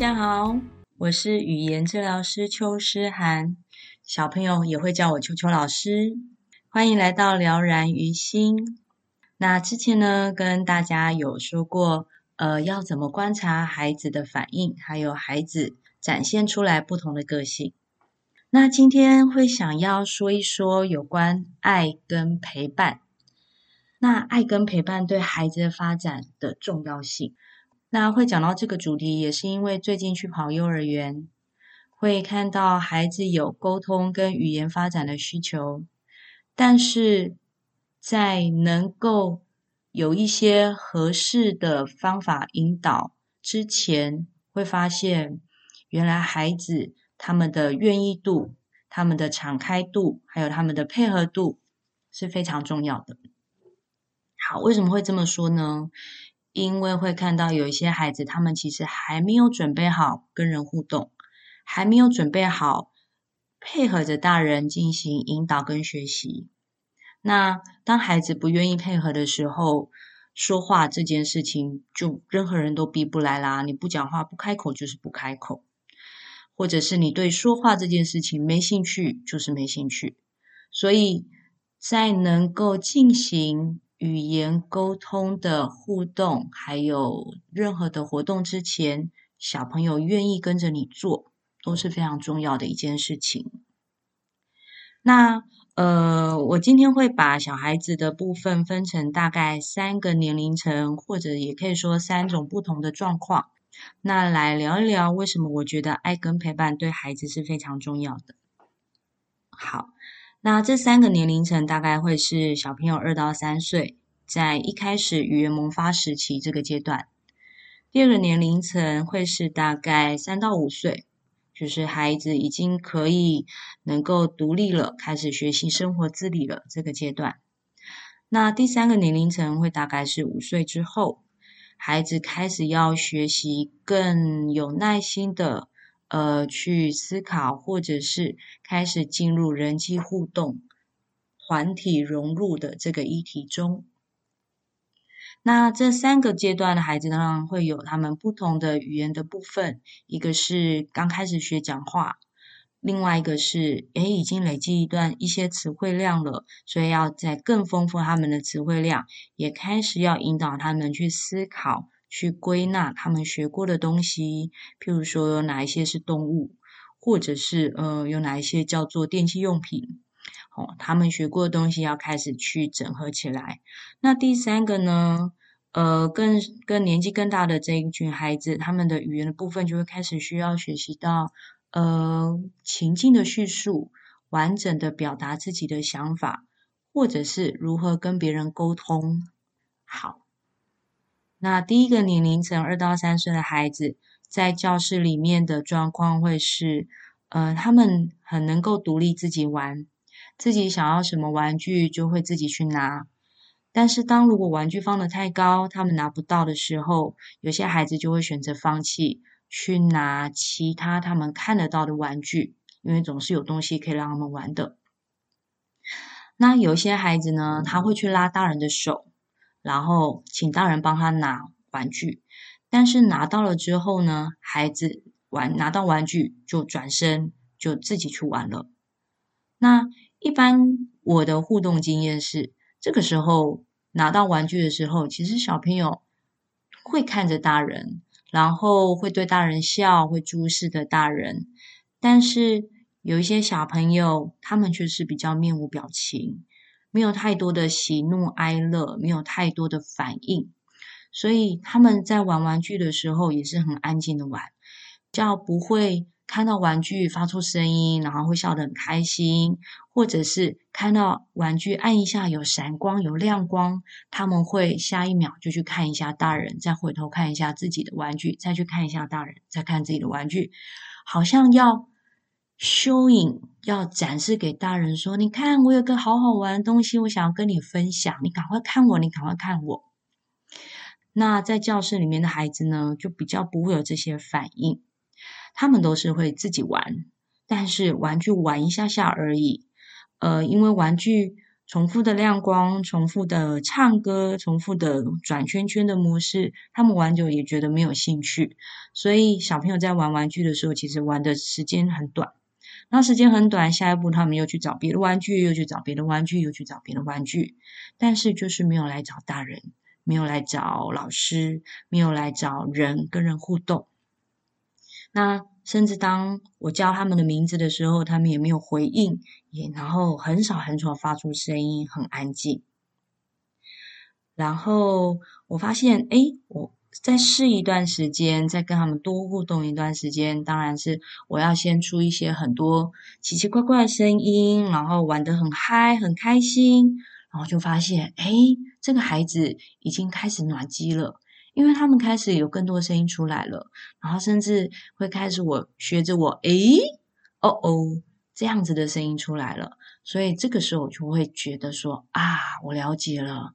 大家好，我是語言治療師邱詩涵，小朋友也會叫我邱邱老師。歡迎來到療燃於心。那之前呢，跟大家有說過，呃，要怎麼觀察孩子的反應，還有孩子展現出來不同的個性。那今天會想要說一說有關愛跟陪伴，那愛跟陪伴對孩子的發展的重要性。那會講到這個主題，也是因為最近去跑幼兒園，會看到孩子有溝通跟語言發展的需求，但是在能夠有一些合適的方法引導之前，會發現原來孩子他們的願意度、他們的敞開度，還有他們的配合度是非常重要的。好，為什麼會這麼說呢？因為會看到有一些孩子，他們其實還沒有準備好跟人互動，還沒有準備好配合着大人進行引導跟學習。那當孩子不願意配合的時候，說話這件事情就任何人都逼不來啦。你不講話不開口就是不開口，或者是你對說話這件事情沒興趣就是沒興趣。所以在能夠進行語言溝通的互動，還有任何的活動之前，小朋友願意跟着你做，都是非常重要的一件事情。那呃，我今天會把小孩子的部分分成大概三個年齡層，或者也可以說三種不同的狀況，那來聊一聊為什麼我覺得愛跟陪伴對孩子是非常重要的。好。那這三個年齡層大概會是小朋友二到三歲，在一開始語言萌發時期這個階段，第二個年齡層會是大概三到五歲，就是孩子已經可以能夠獨立了，開始學習生活自理了這個階段。那第三個年齡層會大概是五歲之後，孩子開始要學習更有耐心的。呃，去思考，或者是開始進入人際互動、團體融入的這個議題中。那這三個階段的孩子，當然會有他們不同的語言的部分。一個是剛開始學講話，另外一個是欸，已經累積一段一些詞彙量了，所以要再更豐富他們的詞彙量，也開始要引導他們去思考。去歸納他們學過的東西，譬如說有哪一些是動物，或者是呃有哪一些叫做電器用品。好、哦，他們學過的東西要開始去整合起來。那第三個呢？呃，更更年紀更大的這一群孩子，他們的語言的部分就會開始需要學習到呃情境的敘述，完整的表達自己的想法，或者是如何跟別人溝通。好。那第一個年齡層二到三歲的孩子，在教室裡面的狀況會是，呃，他們很能夠獨立自己玩，自己想要什麼玩具就會自己去拿。但是當如果玩具放的太高，他們拿不到的時候，有些孩子就會選擇放棄，去拿其他他們看得到的玩具，因為總是有東西可以讓他們玩的。那有些孩子呢，他會去拉大人的手。然後請大人幫他拿玩具，但是拿到了之後呢，孩子玩拿到玩具就轉身就自己去玩了。那一般我的互動經驗是，這個時候拿到玩具的時候，其實小朋友會看着大人，然後會對大人笑，會注視着大人，但是有一些小朋友他們卻是比較面無表情。沒有太多的喜怒哀樂，沒有太多的反應，所以他們在玩玩具的時候也是很安靜的玩，比較不會看到玩具發出聲音，然後會笑得很開心，或者是看到玩具按一下有閃光、有亮光，他們會下一秒就去看一下大人，再回頭看一下自己的玩具，再去看一下大人，再看自己的玩具，好像要 showing 要展示給大人說，你看我有個好好玩的東西，我想要跟你分享，你趕快看我，你趕快看我。那在教室裡面的孩子呢，就比較不會有這些反應，他們都是會自己玩，但是玩具玩一下下而已。呃，因為玩具重複的亮光、重複的唱歌、重複的轉圈圈的模式，他們玩久也覺得沒有興趣，所以小朋友在玩玩具的時候，其實玩的時間很短。那時間很短，下一步他們又去找別的玩具，又去找別的玩具，又去找別的玩具，但是就是沒有來找大人，沒有來找老師，沒有來找人跟人互動。那甚至當我叫他們的名字的時候，他們也沒有回應，也然後很少很少發出聲音，很安靜。然後我發現，哎，我。再試一段時間，再跟他們多互動一段時間，當然是我要先出一些很多奇奇怪怪的聲音，然後玩得很嗨、很開心，然後就發現，哎，這個孩子已經開始暖機了，因為他們開始有更多聲音出來了，然後甚至會開始我學着我，誒，哦哦，這樣子的聲音出來了，所以這個時候我就會覺得說啊，我了解了。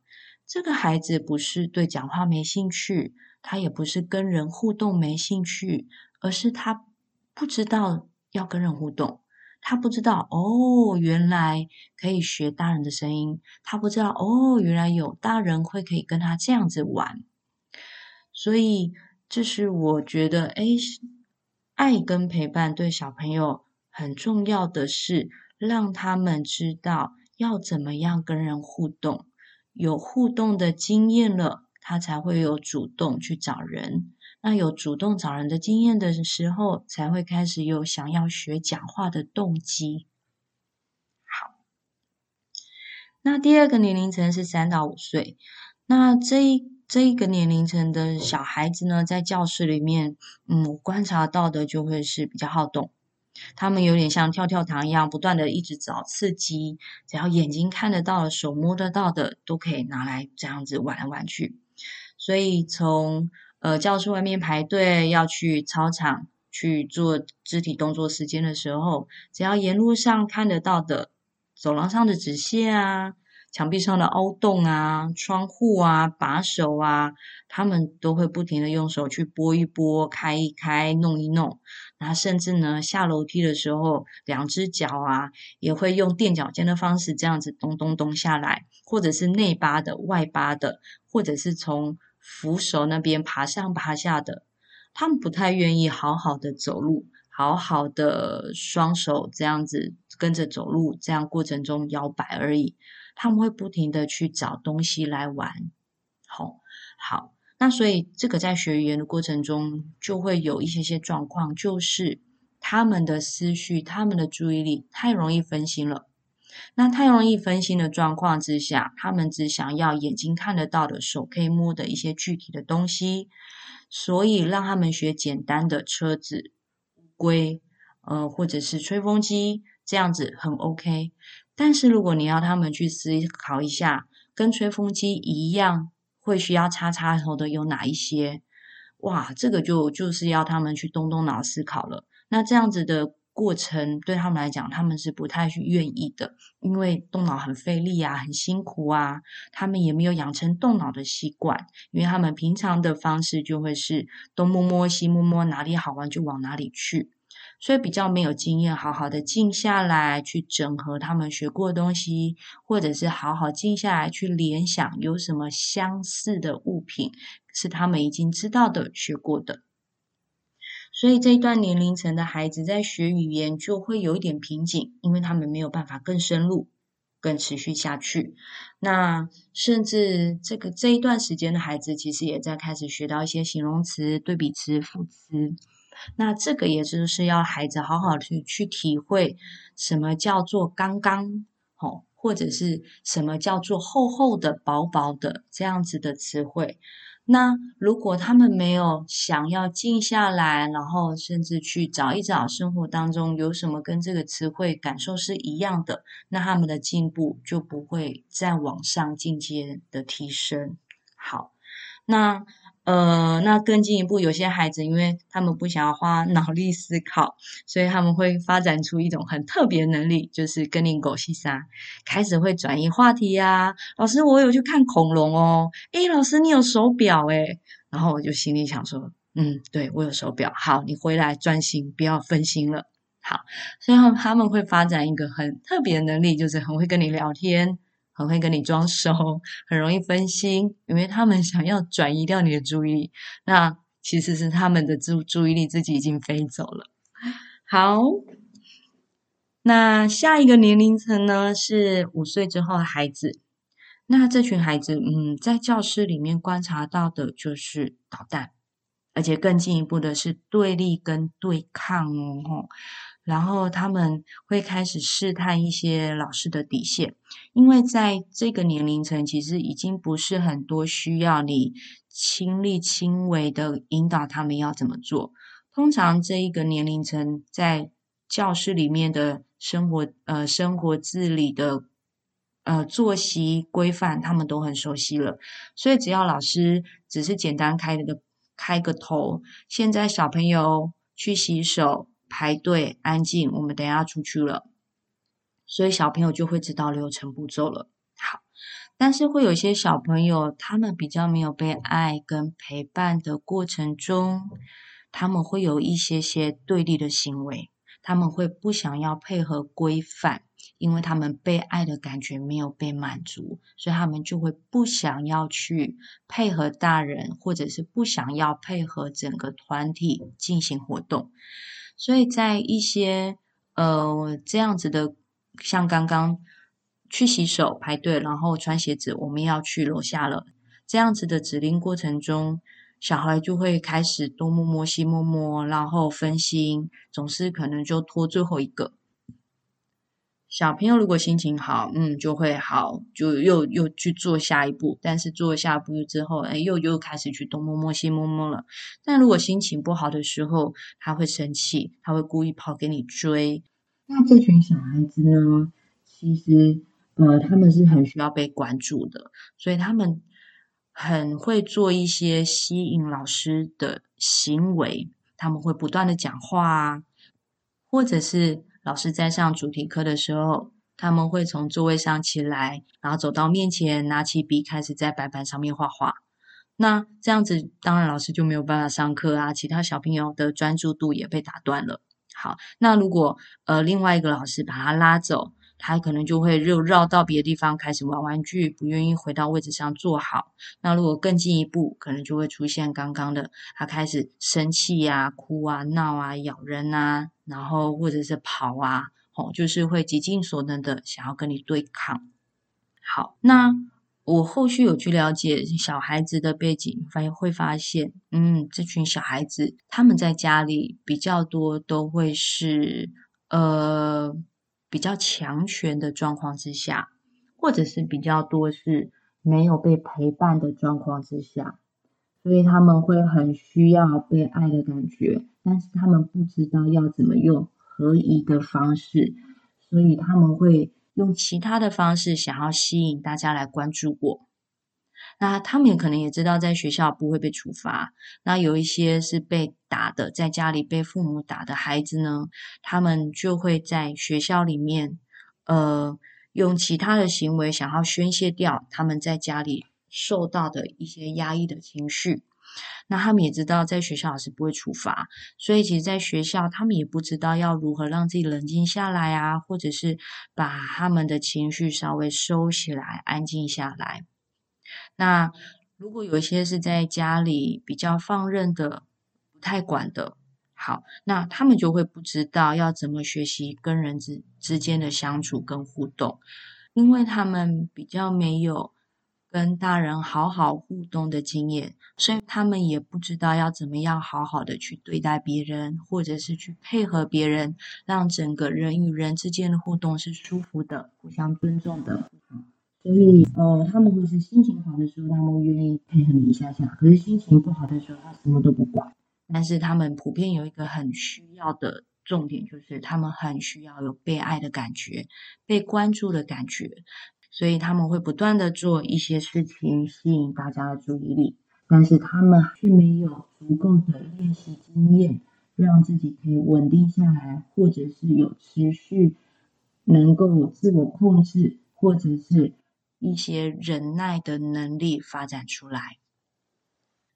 這個孩子不是對講話沒興趣，他也不是跟人互動沒興趣，而是他不知道要跟人互動，他不知道哦，原來可以學大人的聲音，他不知道哦，原來有大人會可以跟他這樣子玩，所以這是我覺得，哎，愛跟陪伴對小朋友很重要的是，是讓他們知道要怎麼樣跟人互動。有互動的經驗了，他才會有主動去找人。那有主動找人的經驗的時候，才會開始有想要學講話的動機。好，那第二個年齡層是三到五歲。那這一這一個年齡層的小孩子呢，在教室裡面，嗯，觀察到的就會是比較好動。他們有點像跳跳糖一樣，不斷地一直找刺激，只要眼睛看得到、手摸得到的，都可以拿來這樣子玩來玩去。所以從呃教室外面排隊要去操場去做肢體動作時間的時候，只要沿路上看得到的，走廊上的紙屑啊、牆壁上的凹洞啊、窗戶啊、把手啊，他們都會不停地用手去撥一撥、開一開、弄一弄。他、啊、甚至呢，下樓梯的時候，兩只腳啊，也會用墊腳尖的方式，這樣子咚咚咚下來，或者是內八的、外八的，或者是從扶手那邊爬上爬下的。他們不太願意好好的走路，好好的雙手這樣子跟着走路，這樣過程中搖擺而已。他們會不停的去找東西來玩，好、哦，好。那所以，這個在學語言的過程中，就會有一些些狀況，就是他們的思緒、他們的注意力太容易分心了。那太容易分心的狀況之下，他們只想要眼睛看得到的、手可以摸的一些具體的東西。所以讓他們學簡單的車子、烏龜，呃，或者是吹風機，這樣子很 OK。但是如果你要他們去思考一下，跟吹風機一樣。會需要擦擦頭的有哪一些？哇，這個就就是要他們去動動腦思考了。那這樣子的過程對他們來講，他們是不太去願意的，因為動腦很費力啊，很辛苦啊。他們也沒有養成動腦的習慣，因為他們平常的方式就會是東摸摸西摸摸，哪裡好玩就往哪裡去。所以比較沒有經驗，好好的靜下來去整合他們學過的東西，或者是好好靜下來去聯想有什麼相似的物品是他們已經知道的、學過的。所以這一段年齡層的孩子在學語言就會有一點瓶頸，因為他們沒有辦法更深入、更持續下去。那甚至這個這一段時間的孩子其實也在開始學到一些形容詞、對比詞、副詞。那這個也就是要孩子好好去去體會，什麼叫做剛剛好，或者是什麼叫做厚厚的、薄薄的這樣子的詞彙。那如果他們沒有想要靜下來，然後甚至去找一找生活當中有什麼跟這個詞彙感受是一樣的，那他們的進步就不會再往上進階的提升。好，那。呃，那更進一步，有些孩子因為他們不想要花腦力思考，所以他們會發展出一種很特別能力，就是跟靈狗西沙開始會轉移話題呀、啊。老師，我有去看恐龍哦。誒，老師，你有手表誒。然後我就心裡想說，嗯，對我有手表。好，你回來專心，不要分心了。好，所以他們會發展一個很特別的能力，就是很會跟你聊天。很會跟你裝熟，很容易分心，因為他們想要轉移掉你的注意力，那其實是他們的注注意力自己已經飛走了。好，那下一個年齡層呢，是五歲之後的孩子，那這群孩子，嗯，在教室裡面觀察到的就是搗蛋，而且更進一步的是對立跟對抗哦。然後他們會開始試探一些老師的底線，因為在這個年齡層，其實已經不是很多需要你親力親為的引導他們要怎麼做。通常這一個年齡層在教室裡面的生活，呃，生活自理的，呃，作息規範，他們都很熟悉了。所以只要老師只是簡單開個，開個頭，現在小朋友去洗手。排隊安靜，我們等下出去了，所以小朋友就會知道流程步驟了。好，但是會有一些小朋友，他們比較沒有被愛跟陪伴的過程中，他們會有一些些對立的行為，他們會不想要配合規範，因為他們被愛的感覺沒有被滿足，所以他們就會不想要去配合大人，或者是不想要配合整個團體進行活動。所以在一些呃這樣子的，像剛剛去洗手、排隊，然後穿鞋子，我們要去樓下了，這樣子的指令過程中，小孩就會開始東摸摸、西摸摸，然後分心，總是可能就拖最後一個。小朋友如果心情好，嗯，就會好，就又又去做下一步。但是做下一步之後，誒，又又開始去東摸摸、西摸摸了。但如果心情不好的時候，他會生氣，他會故意跑給你追。那這群小孩子呢？其實，呃，他們是很需要被關注的，所以他們很會做一些吸引老師的行為，他們會不斷的講話啊，或者是。老師在上主題課的時候，他們會從座位上起來，然後走到面前，拿起筆開始在白板上面畫畫。那這樣子，當然老師就沒有辦法上課啊，其他小朋友的專注度也被打斷了。好，那如果呃另外一個老師把他拉走。他可能就會又繞到別的地方開始玩玩具，不願意回到位置上坐好。那如果更進一步，可能就會出現剛剛的，他開始生氣呀、啊、哭啊、鬧啊、咬人啊，然後或者是跑啊，哦、嗯，就是會極盡所能的想要跟你對抗。好，那我後續有去了解小孩子的背景，發現會發現，嗯，這群小孩子他們在家裡比較多都會是，呃。比較強權的狀況之下，或者是比較多是沒有被陪伴的狀況之下，所以他們會很需要被愛的感覺，但是他們不知道要怎麼用合宜的方式，所以他們會用其他的方式想要吸引大家來關注我。那他們可能也知道，在學校不會被處罰。那有一些是被打的，在家裡被父母打的孩子呢，他們就會在學校裡面，呃，用其他的行為想要宣洩掉他們在家裡受到的一些壓抑的情緒。那他們也知道，在學校老師不會處罰，所以其實，在學校他們也不知道要如何讓自己冷靜下來啊，或者是把他們的情緒稍微收起來，安靜下來。那如果有一些是在家裡比較放任的、不太管的，好，那他們就會不知道要怎麼學習跟人之之間的相處跟互動，因為他們比較沒有跟大人好好互動的經驗，所以他們也不知道要怎麼樣好好的去對待別人，或者是去配合別人，讓整個人與人之間的互動是舒服的、互相尊重的。嗯所以，呃，他們會是心情好的時候，他們願意配合你一下下，可是心情不好的時候，他什麼都不管。但是他們普遍有一個很需要的重點，就是他們很需要有被愛的感覺、被關注的感覺，所以他們會不斷的做一些事情吸引大家的注意力。但是他們卻沒有足夠的練習經驗，讓自己可以穩定下來，或者是有持續能夠有自我控制，或者是。一些忍耐的能力發展出來。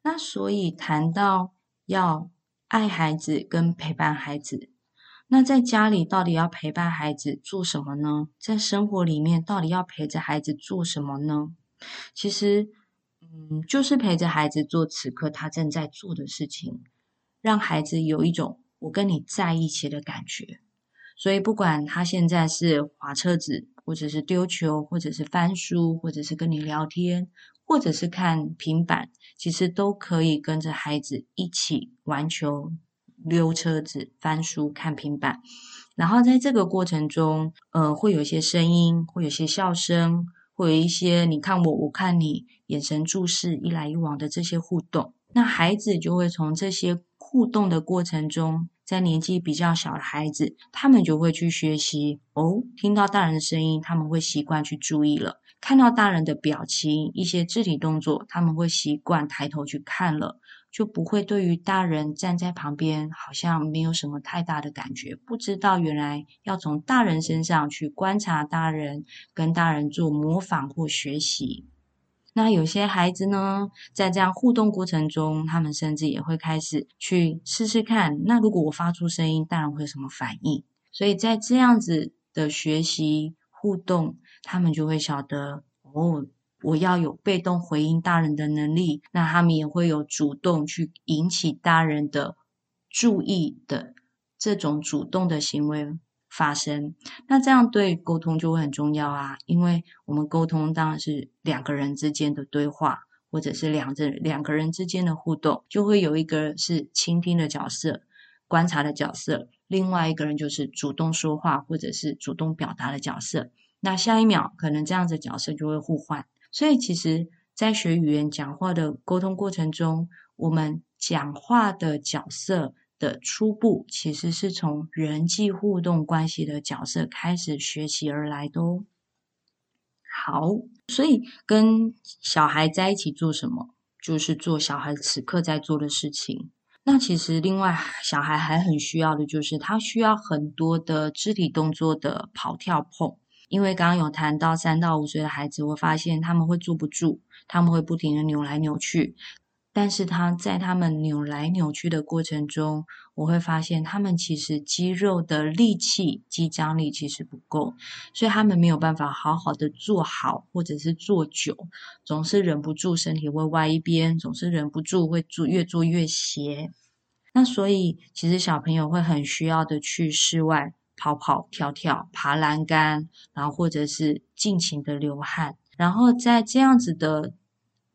那所以談到要愛孩子跟陪伴孩子，那在家裡到底要陪伴孩子做什麼呢？在生活裡面到底要陪着孩子做什麼呢？其實，嗯，就是陪着孩子做此刻他正在做的事情，讓孩子有一種我跟你在一起的感覺。所以，不管他現在是劃車子。或者是丟球，或者是翻書，或者是跟你聊天，或者是看平板，其實都可以跟着孩子一起玩球、溜車子、翻書、看平板。然後在這個過程中，呃，會有一些聲音，會有一些笑聲，會有一些你看我，我看你，眼神注視，一來一往的這些互動。那孩子就會從這些。互動的過程中，在年紀比較小的孩子，他們就會去學習哦。聽到大人的聲音，他們會習慣去注意了；看到大人的表情、一些肢體動作，他們會習慣抬頭去看了，就不會對於大人站在旁邊好像沒有什麼太大的感覺。不知道原來要從大人身上去觀察大人，跟大人做模仿或學習。那有些孩子呢，在這樣互動過程中，他們甚至也會開始去試試看。那如果我發出聲音，大人會有什麼反應？所以在這樣子的學習互動，他們就會曉得哦，我要有被動回應大人的能力。那他們也會有主動去引起大人的注意的這種主動的行為。發生，那這樣對溝通就會很重要啊，因為我們溝通當然是兩個人之間的對話，或者是兩這兩個人之間的互動，就會有一個是傾聽的角色、觀察的角色，另外一個人就是主動說話或者是主動表達的角色。那下一秒可能這樣子的角色就會互換，所以其實，在學語言講話的溝通過程中，我們講話的角色。的初步其實是從人際互動關係的角色開始學習而來的哦。好，所以跟小孩在一起做什麼，就是做小孩此刻在做的事情。那其實另外，小孩還很需要的就是他需要很多的肢體動作的跑跳碰，因為剛剛有談到三到五歲的孩子，我發現他們會坐不住，他們會不停地扭來扭去。但是他在他們扭來扭去的過程中，我會發現他們其實肌肉的力氣、肌張力其實不夠，所以他們沒有辦法好好的坐好，或者是坐久，總是忍不住身體會歪一邊，總是忍不住會坐越坐越斜。那所以其實小朋友會很需要的去室外跑跑跳跳、爬欄杆，然後或者是盡情的流汗，然後在這樣子的。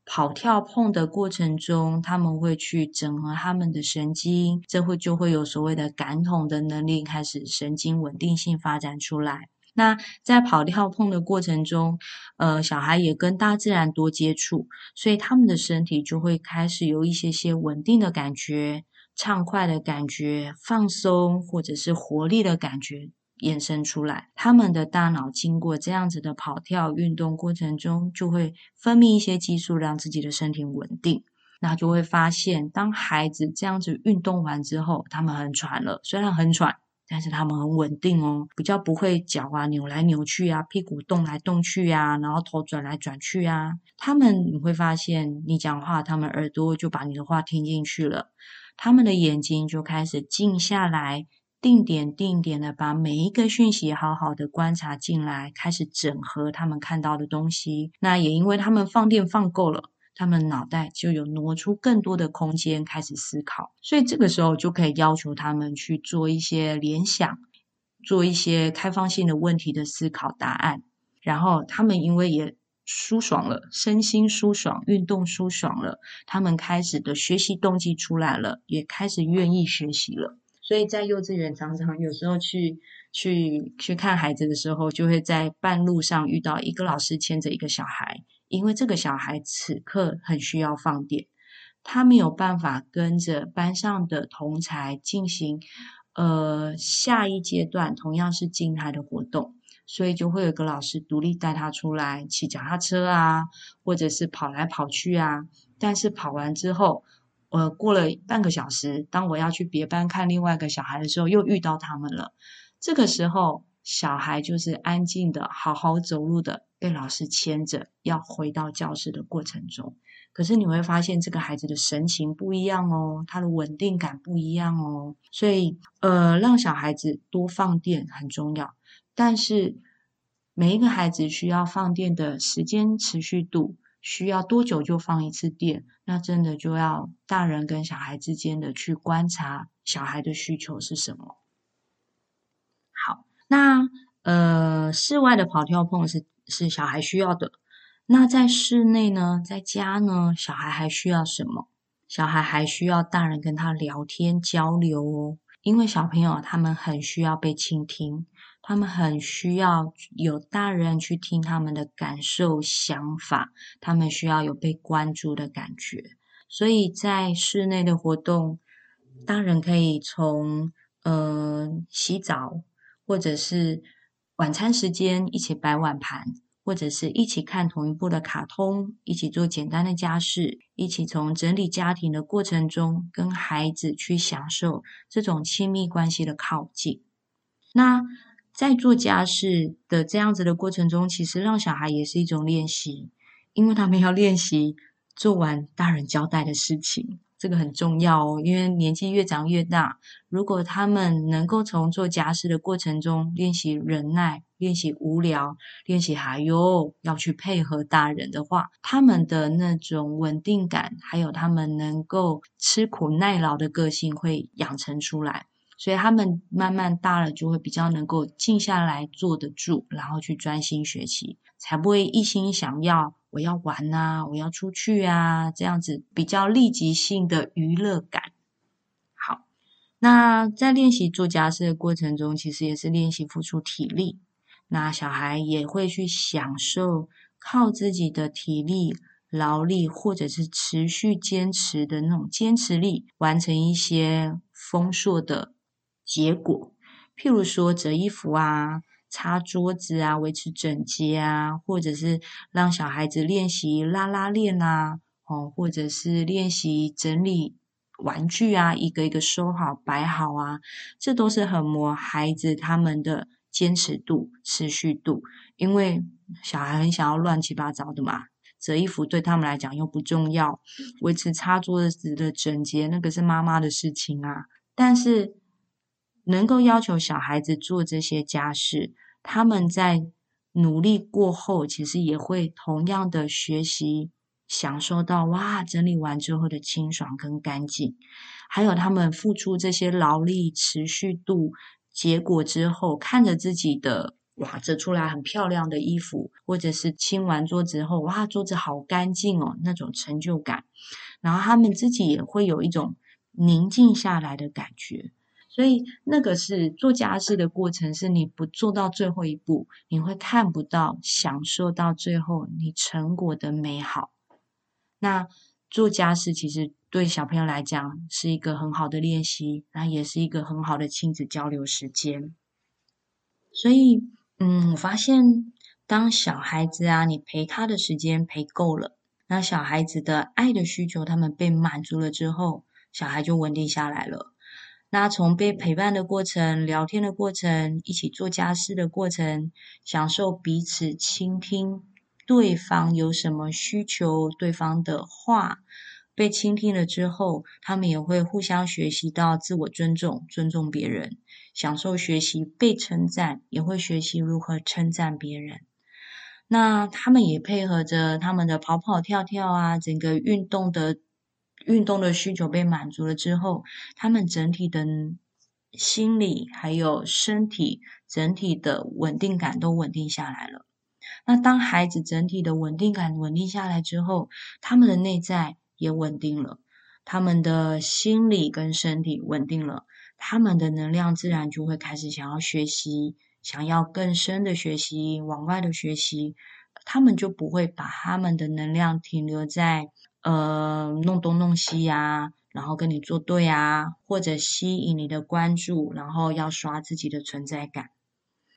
跑跳碰的過程中，他們會去整合他們的神經，這會就會有所謂的感統的能力開始，神經穩定性發展出來。那在跑跳碰的過程中，呃，小孩也跟大自然多接觸，所以他們的身體就會開始有一些些穩定的感覺、暢快的感覺、放鬆或者是活力的感覺。衍生出來，他們的大腦經過這樣子的跑跳運動過程中，就會分泌一些激素，讓自己的身體穩定。那就會發現，當孩子這樣子運動完之後，他們很喘了，雖然很喘，但是他們很穩定哦，比較不會腳啊扭來扭去啊，屁股動來動去啊，然後頭轉來轉去啊。他們你會發現，你講話，他們耳朵就把你的話聽進去了，他們的眼睛就開始靜下來。定點定點的把每一個訊息好好的觀察進來，開始整合他們看到的東西。那也因為他們放電放夠了，他們腦袋就有挪出更多的空間開始思考。所以這個時候就可以要求他們去做一些聯想，做一些開放性的問題的思考答案。然後他們因為也舒爽了，身心舒爽，運動舒爽了，他們開始的學習動機出來了，也開始願意學習了。所以在幼稚園常常有時候去去去看孩子的時候，就會在半路上遇到一個老師牽着一個小孩，因為這個小孩此刻很需要放電，他沒有辦法跟着班上的同儕進行呃下一階段同樣是靜態的活動，所以就會有個老師獨立帶他出來騎腳踏車啊，或者是跑來跑去啊，但是跑完之後。呃，過了半個小時，當我要去別班看另外一個小孩的時候，又遇到他們了。這個時候，小孩就是安靜的、好好走路的，被老師牽着要回到教室的過程中。可是你會發現，這個孩子的神情不一樣哦，他的穩定感不一樣哦。所以，呃，讓小孩子多放電很重要，但是每一個孩子需要放電的時間持續度。需要多久就放一次電？那真的就要大人跟小孩之間的去觀察小孩的需求是什麼。好，那呃，室外的跑跳碰是是小孩需要的。那在室內呢，在家呢，小孩還需要什麼？小孩還需要大人跟他聊天交流哦，因為小朋友他們很需要被傾聽。他們很需要有大人去聽他們的感受、想法，他們需要有被關注的感覺。所以在室內的活動，大人可以從嗯、呃、洗澡，或者是晚餐時間一起擺碗盤，或者是一起看同一部的卡通，一起做簡單的家事，一起從整理家庭的過程中，跟孩子去享受這種親密關係的靠近。那。在做家事的這樣子的過程中，其實讓小孩也是一種練習，因為他們要練習做完大人交代的事情，這個很重要哦。因為年紀越長越大，如果他們能夠從做家事的過程中練習忍耐、練習無聊、練習還有，要去配合大人的話，他們的那種穩定感，還有他們能夠吃苦耐勞的個性會養成出來。所以他們慢慢大了，就會比較能夠靜下來坐得住，然後去專心學習，才不會一心想要我要玩啊，我要出去啊，這樣子比較立即性的娛樂感。好，那在練習做家事的過程中，其實也是練習付出體力，那小孩也會去享受靠自己的體力、勞力或者是持續堅持的那種堅持力，完成一些豐碩的。結果，譬如說折衣服啊、擦桌子啊、維持整潔啊，或者是讓小孩子練習拉拉鏈啊，哦，或者是練習整理玩具啊，一個一個收好、擺好啊，這都是很磨孩子他們的堅持度、持續度，因為小孩很想要亂七八糟的嘛。折衣服對他們來講又不重要，維持擦桌子的整潔那個是媽媽的事情啊，但是。能夠要求小孩子做這些家事，他們在努力過後，其實也會同樣的學習，享受到哇，整理完之後的清爽跟乾淨，還有他們付出這些勞力持續度，結果之後看着自己的哇，折出來很漂亮的衣服，或者是清完桌子之後哇，桌子好乾淨哦，那種成就感，然後他們自己也會有一種寧靜下來的感覺。所以，那個是做家事的過程，是你不做到最後一步，你會看不到享受到最後你成果的美好。那做家事其實對小朋友來講是一個很好的練習，那也是一個很好的親子交流時間。所以，嗯，我發現當小孩子啊，你陪他的時間陪夠了，那小孩子的愛的需求他們被滿足了之後，小孩就穩定下來了。那從被陪伴的過程、聊天的過程、一起做家事的過程，享受彼此傾聽對方有什麼需求，對方的話被傾聽了之後，他們也會互相學習到自我尊重、尊重別人，享受學習被稱讚，也會學習如何稱讚別人。那他們也配合着他們的跑跑跳跳啊，整個運動的。運動的需求被滿足了之後，他們整體的心理還有身體整體的穩定感都穩定下來了。那當孩子整體的穩定感穩定下來之後，他們的內在也穩定了，他們的心理跟身體穩定了，他們的能量自然就會開始想要學習，想要更深的學習，往外的學習，他們就不會把他們的能量停留在。呃，弄東弄西呀、啊，然後跟你作對啊，或者吸引你的關注，然後要刷自己的存在感。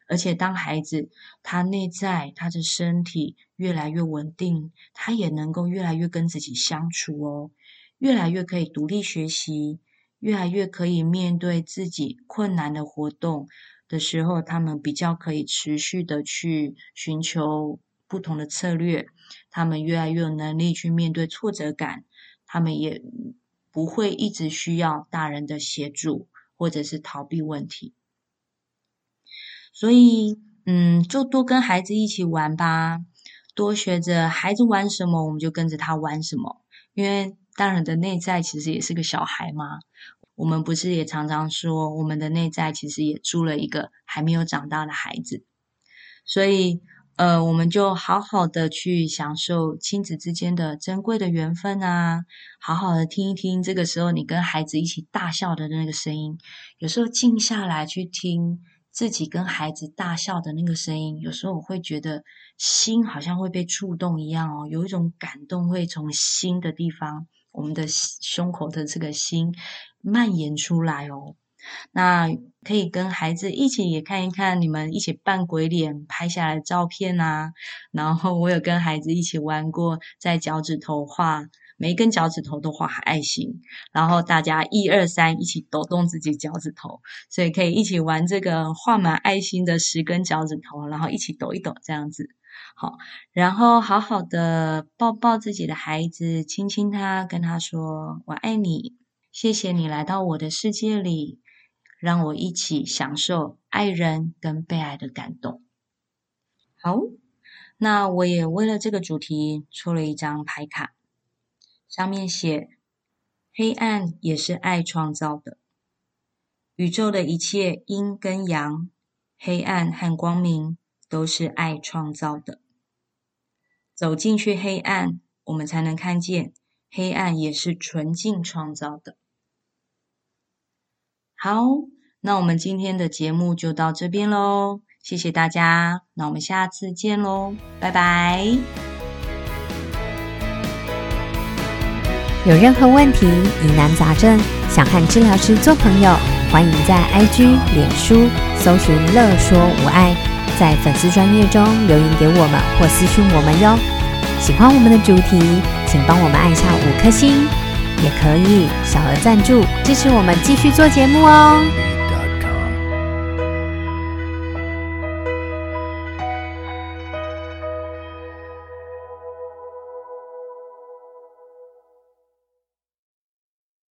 而且，當孩子他內在他的身體越來越穩定，他也能夠越來越跟自己相處哦，越來越可以獨立學習，越來越可以面對自己困難的活動的時候，他們比較可以持續的去尋求。不同的策略，他們越來越有能力去面對挫折感，他們也不會一直需要大人的協助或者是逃避問題。所以，嗯，就多跟孩子一起玩吧，多學着孩子玩什麼，我們就跟着他玩什麼。因為大人的內在其實也是個小孩嘛，我們不是也常常說，我們的內在其實也住了一個還沒有長大的孩子，所以。呃，我們就好好的去享受親子之間的珍貴的緣分啊，好好的聽一聽這個時候你跟孩子一起大笑的那個聲音。有時候靜下來去聽自己跟孩子大笑的那個聲音，有時候我會覺得心好像會被觸動一樣哦，有一種感動會從心的地方，我們的心胸口的這個心蔓延出來哦。那可以跟孩子一起也看一看你們一起扮鬼臉拍下來的照片吶、啊。然後我有跟孩子一起玩過，在腳趾頭畫，每一根腳趾頭都畫愛心，然後大家一二三一起抖動自己腳趾頭，所以可以一起玩這個畫滿愛心的十根腳趾頭，然後一起抖一抖這樣子。好，然後好好的抱抱自己的孩子，親親他，跟他說我愛你，謝謝你來到我的世界裡。讓我一起享受愛人跟被愛的感動。好，那我也為了這個主題出了一張牌卡，上面寫：“黑暗也是愛創造的，宇宙的一切陰跟陽，黑暗和光明都是愛創造的。走進去黑暗，我們才能看見，黑暗也是純淨創造的。”好，那我們今天的節目就到這邊嘍，謝謝大家，那我們下次見嘍，拜拜。有任何問題、疑難雜症，想和治療師做朋友，歡迎在 IG、臉書搜尋“樂說無愛”，在粉絲專頁中留言給我們或私訊我們喲。喜歡我們的主題，請幫我們按下五顆星。也可以小額贊助，支持我們繼續做節目哦。